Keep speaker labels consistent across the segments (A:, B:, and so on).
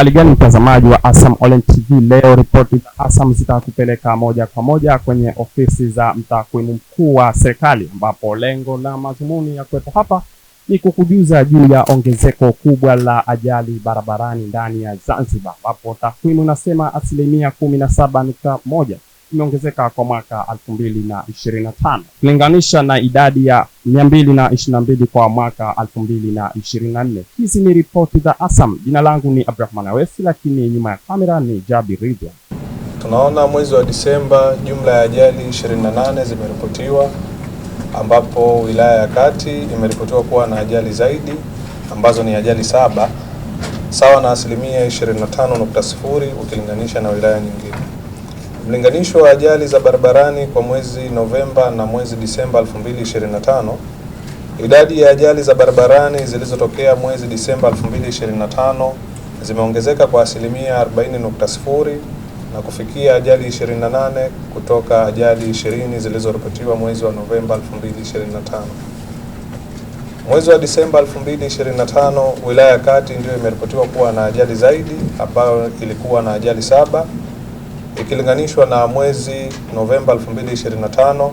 A: Hali gani mtazamaji wa Asam Online TV, leo ripoti za Asam zitakupeleka moja kwa moja kwenye ofisi za mtakwimu mkuu wa serikali, ambapo lengo na madhumuni ya kuwepo hapa ni kukujuza juu ya ongezeko kubwa la ajali barabarani ndani ya Zanzibar, ambapo takwimu inasema asilimia kumi na saba nukta moja imeongezeka kwa mwaka 2025 kulinganisha na idadi ya 222 kwa mwaka 2024. Hizi ni ripoti za ASAM. Jina langu ni abdrahman Awesi, lakini nyuma ya kamera ni Jabi Ridwan.
B: Tunaona mwezi wa Disemba jumla ya ajali 28 zimeripotiwa, ambapo wilaya ya Kati imeripotiwa kuwa na ajali zaidi ambazo ni ajali saba sawa na asilimia 25.0 ukilinganisha na wilaya nyingine. Mlinganisho wa ajali za barabarani kwa mwezi Novemba na mwezi Disemba 2025, idadi ya ajali za barabarani zilizotokea mwezi Disemba 2025 zimeongezeka kwa asilimia 40.0 na kufikia ajali 28 kutoka ajali 20 zilizoripotiwa mwezi wa Novemba 2025. Mwezi wa Disemba 2025, wilaya ya Kati ndiyo imeripotiwa kuwa na ajali zaidi ambayo ilikuwa na ajali saba ikilinganishwa na mwezi Novemba 2025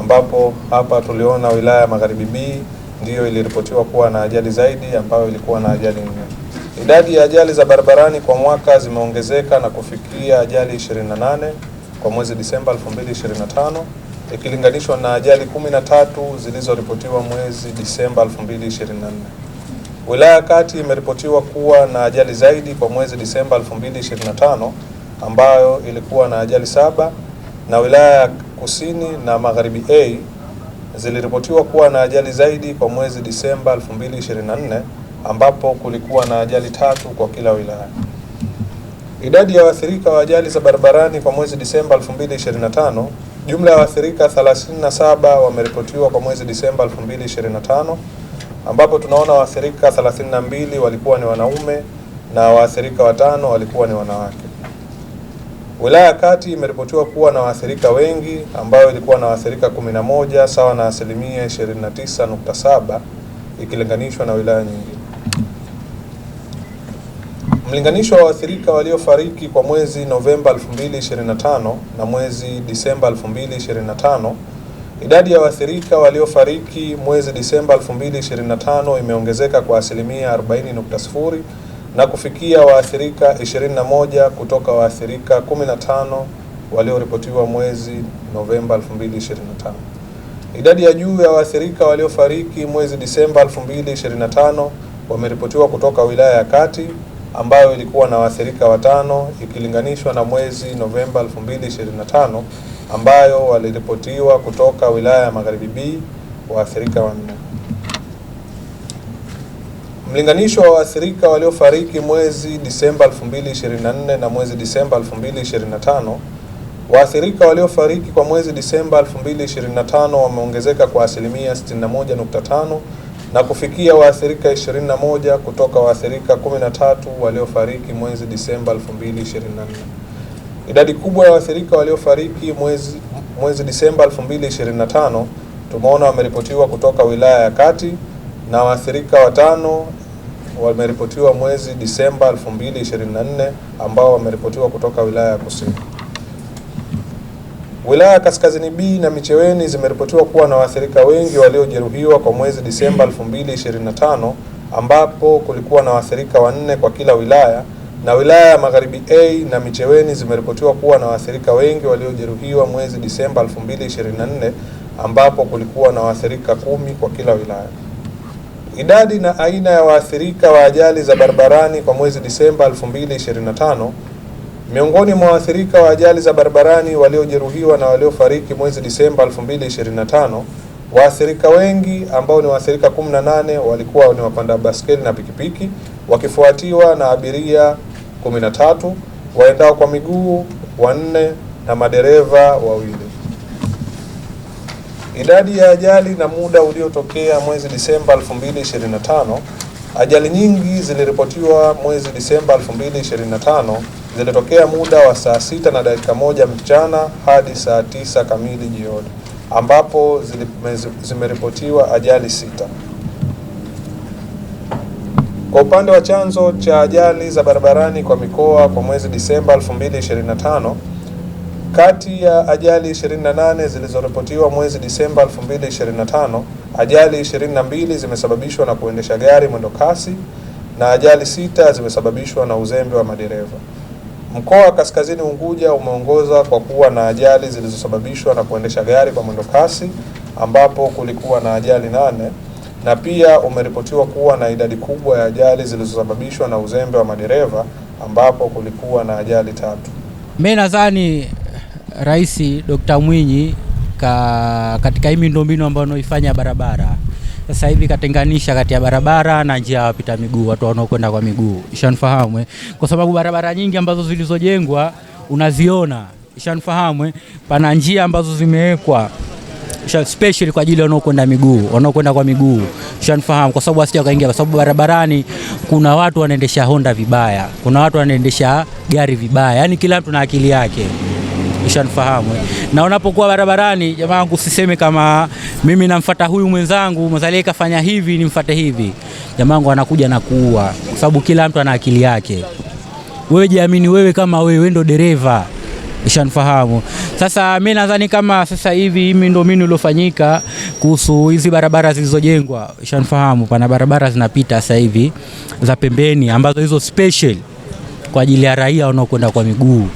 B: ambapo hapa tuliona wilaya ya Magharibi B ndiyo iliripotiwa kuwa na ajali zaidi ambayo ilikuwa na ajali nne. Idadi ya ajali za barabarani kwa mwaka zimeongezeka na kufikia ajali 28 kwa mwezi Disemba 2025 ikilinganishwa na ajali 13 zilizoripotiwa mwezi Disemba 2024. Wilaya ya Kati imeripotiwa kuwa na ajali zaidi kwa mwezi Disemba 2025 ambayo ilikuwa na ajali saba na wilaya ya Kusini na Magharibi A ziliripotiwa kuwa na ajali zaidi kwa mwezi Disemba 2024 ambapo kulikuwa na ajali tatu kwa kila wilaya. Idadi ya waathirika wa ajali za barabarani kwa mwezi Disemba 2025, jumla ya waathirika 37 wameripotiwa kwa mwezi Disemba 2025 ambapo tunaona waathirika 32 walikuwa ni wanaume na waathirika watano walikuwa ni wanawake. Wilaya ya Kati imeripotiwa kuwa na waathirika wengi ambayo ilikuwa na waathirika 11 sawa na asilimia 29.7 ikilinganishwa na wilaya nyingine. Mlinganisho wa waathirika waliofariki kwa mwezi Novemba 2025 na mwezi Disemba 2025, idadi ya waathirika waliofariki mwezi Disemba 2025 imeongezeka kwa asilimia 40.0 na kufikia waathirika 21 kutoka waathirika 15 walioripotiwa mwezi Novemba 2025. Idadi ya juu ya waathirika waliofariki mwezi Disemba 2025 wameripotiwa kutoka wilaya ya Kati ambayo ilikuwa na waathirika watano ikilinganishwa na mwezi Novemba 2025 ambayo waliripotiwa kutoka wilaya ya Magharibi B waathirika wanne. Mlinganisho wa waathirika waliofariki mwezi Disemba 2024 na mwezi Disemba 2025, waathirika waliofariki kwa mwezi Disemba 2025 wameongezeka kwa asilimia 61.5 na kufikia waathirika 21 kutoka waathirika 13 waliofariki mwezi Disemba 2024. Idadi kubwa ya waathirika waliofariki mwezi, mwezi Disemba 2025 tumeona wameripotiwa kutoka wilaya ya Kati na waathirika watano wameripotiwa mwezi Disemba 2024 ambao wameripotiwa kutoka wilaya ya Kusini. Wilaya ya Kaskazini B na Micheweni zimeripotiwa kuwa na waathirika wengi waliojeruhiwa kwa mwezi Disemba 2025 ambapo kulikuwa na waathirika wanne kwa kila wilaya na wilaya ya Magharibi A na Micheweni zimeripotiwa kuwa na waathirika wengi waliojeruhiwa mwezi Disemba 2024 ambapo kulikuwa na waathirika kumi kwa kila wilaya. Idadi na aina ya waathirika wa ajali za barabarani kwa mwezi Disemba 2025. Miongoni mwa waathirika wa ajali za barabarani waliojeruhiwa na waliofariki mwezi Disemba 2025, waathirika wengi ambao ni waathirika 18 walikuwa ni wapanda baskeli na pikipiki, wakifuatiwa na abiria 13, waendao kwa miguu wanne na madereva wawili. Idadi ya ajali na muda uliotokea mwezi Disemba 2025. Ajali nyingi ziliripotiwa mwezi Disemba 2025 zilitokea muda wa saa sita na dakika moja mchana hadi saa tisa kamili jioni ambapo zimeripotiwa ajali sita. Kwa upande wa chanzo cha ajali za barabarani kwa mikoa kwa mwezi Disemba 2025 kati ya ajali 28 zilizoripotiwa mwezi Disemba 2025, ajali 22 zimesababishwa na kuendesha gari mwendo kasi na ajali sita zimesababishwa na uzembe wa madereva. Mkoa wa Kaskazini Unguja umeongoza kwa kuwa na ajali zilizosababishwa na kuendesha gari kwa mwendo kasi ambapo kulikuwa na ajali nane na pia umeripotiwa kuwa na idadi kubwa ya ajali zilizosababishwa na uzembe wa madereva ambapo kulikuwa na ajali tatu.
C: Mimi nadhani Rais Dr. Mwinyi ka, katika hii miundombinu ambayo anaifanya barabara sasa hivi katenganisha kati ya barabara na njia ya wapita miguu, watu wanaokwenda kwa miguu, ishanifahamu kwa sababu barabara nyingi ambazo zilizojengwa unaziona, ishanifahamu pana njia ambazo zimewekwa special kwa ajili ya wanaokwenda miguu, wanaokwenda kwa miguu, ishanifahamu, kwa sababu asija kaingia, kwa sababu barabarani kuna watu wanaendesha Honda vibaya, kuna watu wanaendesha gari vibaya, yani kila mtu na akili yake ushanifahamu. Na unapokuwa barabarani, jamaa wangu, siseme kama mimi namfuata huyu mwenzangu mzalie kafanya hivi nimfuate hivi. Jamaa wangu anakuja na kuua, kwa sababu kila mtu ana akili yake. Wewe jiamini wewe, kama wewe ndo dereva ushanifahamu. Sasa mi nadhani kama sasa hivi mimi ndo mimi niliofanyika kuhusu hizi barabara zilizojengwa, ushanifahamu. Pana barabara zinapita sasa hivi za pembeni ambazo hizo special kwa ajili ya raia wanaokwenda kwa miguu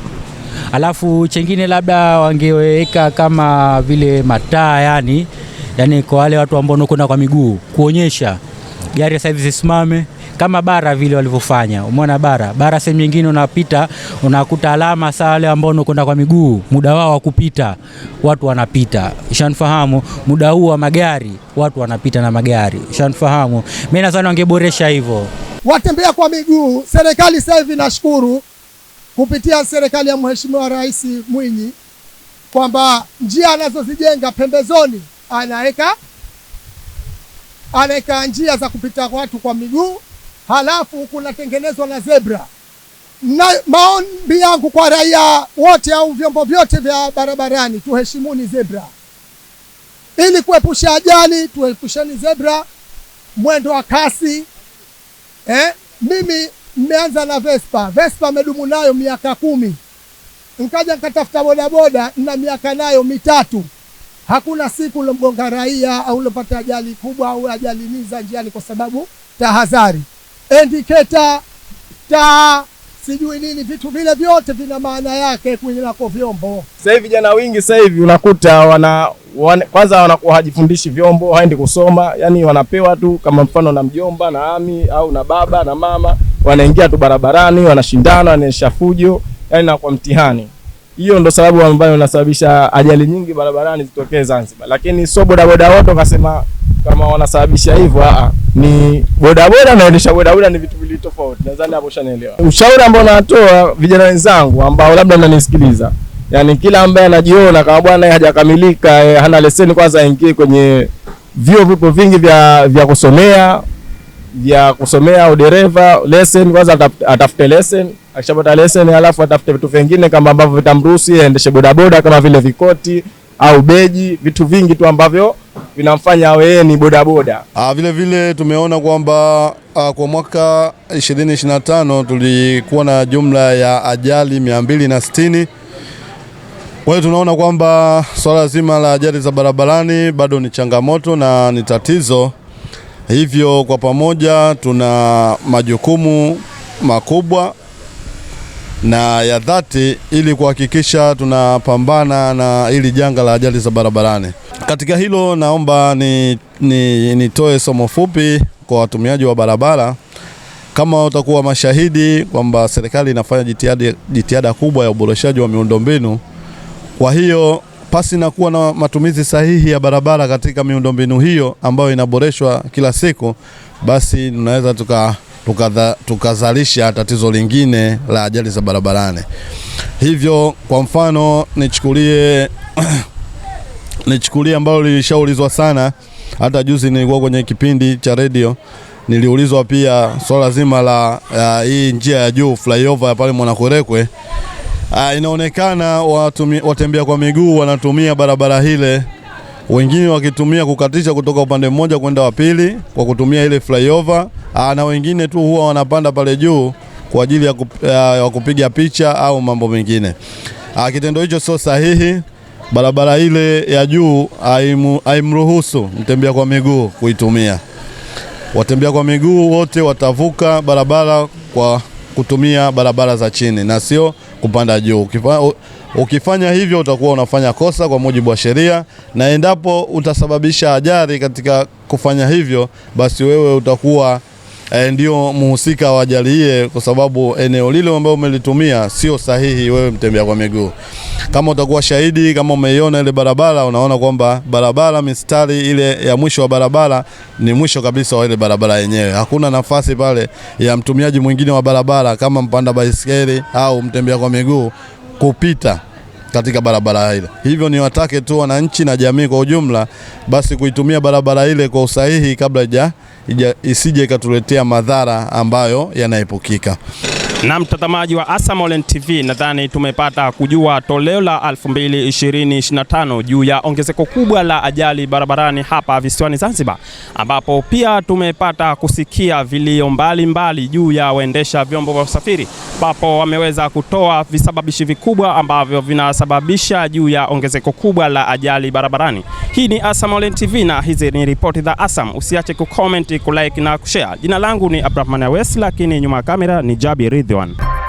C: alafu chengine labda wangeweka kama vile mataa yani, yani kwa wale watu ambao wanakwenda kwa miguu kuonyesha gari sasa hivi zisimame kama bara vile walivyofanya. Umeona bara bara, sehemu nyingine unapita unakuta alama saa wale ambao unakwenda kwa miguu, muda wao wa kupita, watu wanapita. ushanifahamu, muda huu wa magari, watu wanapita na magari. ushanifahamu. mimi nadhani wangeboresha hivyo,
D: watembea kwa miguu. Serikali sasa hivi nashukuru kupitia serikali ya Mheshimiwa Rais Mwinyi kwamba njia anazozijenga pembezoni anaweka anaweka njia za kupita watu kwa miguu, halafu kunatengenezwa na zebra. Na maombi yangu kwa raia wote au vyombo vyote vya barabarani, tuheshimuni zebra ili kuepusha ajali. Tuepusheni zebra, mwendo wa kasi eh, mimi Mmeanza na Vespa. Vespa amedumu nayo miaka kumi, nkaja nkatafuta bodaboda na miaka nayo mitatu. Hakuna siku lomgonga raia au lopata ajali kubwa au ajali niza njiani, kwa sababu tahadhari, endiketa taa sijui nini, vitu vile vyote vina maana yake kwenye nako vyombo.
E: Sasa hivi vijana wingi sasa hivi unakuta wana, wana kwanza wanakuwa hajifundishi vyombo, haendi kusoma, yani wanapewa tu kama mfano na mjomba na ami au na baba na mama, wanaingia tu barabarani, wanashindana, wanaonyesha fujo, yani na kwa mtihani. Hiyo ndo sababu ambayo inasababisha ajali nyingi barabarani zitokee Zanzibar, lakini sio bodaboda wote wakasema kama wanasababisha hivyo, a ah, a ah, ni bodaboda naendesha bodaboda, ni vitu vili tofauti. Nadhani hapo ushanielewa. Ushauri ambao natoa vijana wenzangu ambao labda mnanisikiliza, yani kila ambaye anajiona kama bwana hajakamilika, eh, hana leseni, kwanza aingie kwenye vyuo, vipo vingi vya vya kusomea vya kusomea udereva lesson. Kwanza atafute lesson, akishapata lesson alafu atafute vitu vingine kama ambavyo vitamruhusu aendeshe bodaboda kama vile vikoti au beji, vitu vingi tu ambavyo vinamfanya awe yeye ni bodaboda.
F: Ah, vile vile tumeona kwamba ah, kwa mwaka 2025 tulikuwa na jumla ya ajali 260. Kwa hiyo tunaona kwamba swala zima la ajali za barabarani bado ni changamoto na ni tatizo, hivyo kwa pamoja tuna majukumu makubwa na ya dhati ili kuhakikisha tunapambana na hili janga la ajali za barabarani. Katika hilo naomba nitoe ni, ni somo fupi kwa watumiaji wa barabara. Kama utakuwa mashahidi kwamba serikali inafanya jitihada, jitihada kubwa ya uboreshaji wa miundombinu. Kwa hiyo pasi na kuwa na matumizi sahihi ya barabara katika miundombinu hiyo ambayo inaboreshwa kila siku, basi tunaweza tukazalisha tuka tatizo lingine la ajali za barabarani. Hivyo kwa mfano nichukulie nichukulia ambalo lilishaulizwa sana. Hata juzi nilikuwa kwenye kipindi cha redio niliulizwa pia swala so zima la uh, hii njia ya juu flyover ya pale Mwanakwerekwe. Uh, ah, inaonekana watumi, watembea kwa miguu wanatumia barabara hile, wengine wakitumia kukatisha kutoka upande mmoja kwenda wa pili kwa kutumia ile flyover uh, na wengine tu huwa wanapanda pale juu kwa ajili ya, kup, uh, ya kupiga picha au mambo mengine. Uh, kitendo hicho sio sahihi barabara ile ya juu haimruhusu mtembea kwa miguu kuitumia. Watembea kwa miguu wote watavuka barabara kwa kutumia barabara za chini na sio kupanda juu. Ukifanya hivyo utakuwa unafanya kosa kwa mujibu wa sheria, na endapo utasababisha ajali katika kufanya hivyo, basi wewe utakuwa eh, ndio muhusika wa ajali hii, eh, kwa sababu eneo lile ambalo umelitumia sio sahihi wewe mtembea kwa miguu. Kama utakuwa shahidi, kama umeiona ile barabara, unaona kwamba barabara mistari ile ya mwisho wa barabara ni mwisho kabisa wa ile barabara yenyewe. Hakuna nafasi pale ya mtumiaji mwingine wa barabara kama mpanda baisikeli au mtembea kwa miguu kupita katika barabara ile. Hivyo ni watake tu wananchi na jamii kwa ujumla basi kuitumia barabara ile kwa usahihi kabla ija, ija, isije ikatuletea madhara ambayo yanaepukika.
G: Na mtazamaji wa Asam Online TV, nadhani tumepata kujua toleo la 2025 juu ya ongezeko kubwa la ajali barabarani hapa visiwani Zanzibar, ambapo pia tumepata kusikia vilio mbalimbali juu ya waendesha vyombo vya usafiri, ambapo wameweza kutoa visababishi vikubwa ambavyo vinasababisha juu ya ongezeko kubwa la ajali barabarani. Hii ni Asam Online TV na hizi ni ripoti za Asam. Usiache kucomment, kulike na kushare. Jina langu ni abdrahman Awes, lakini nyuma ya kamera ni Jabir Ridhi. Dewan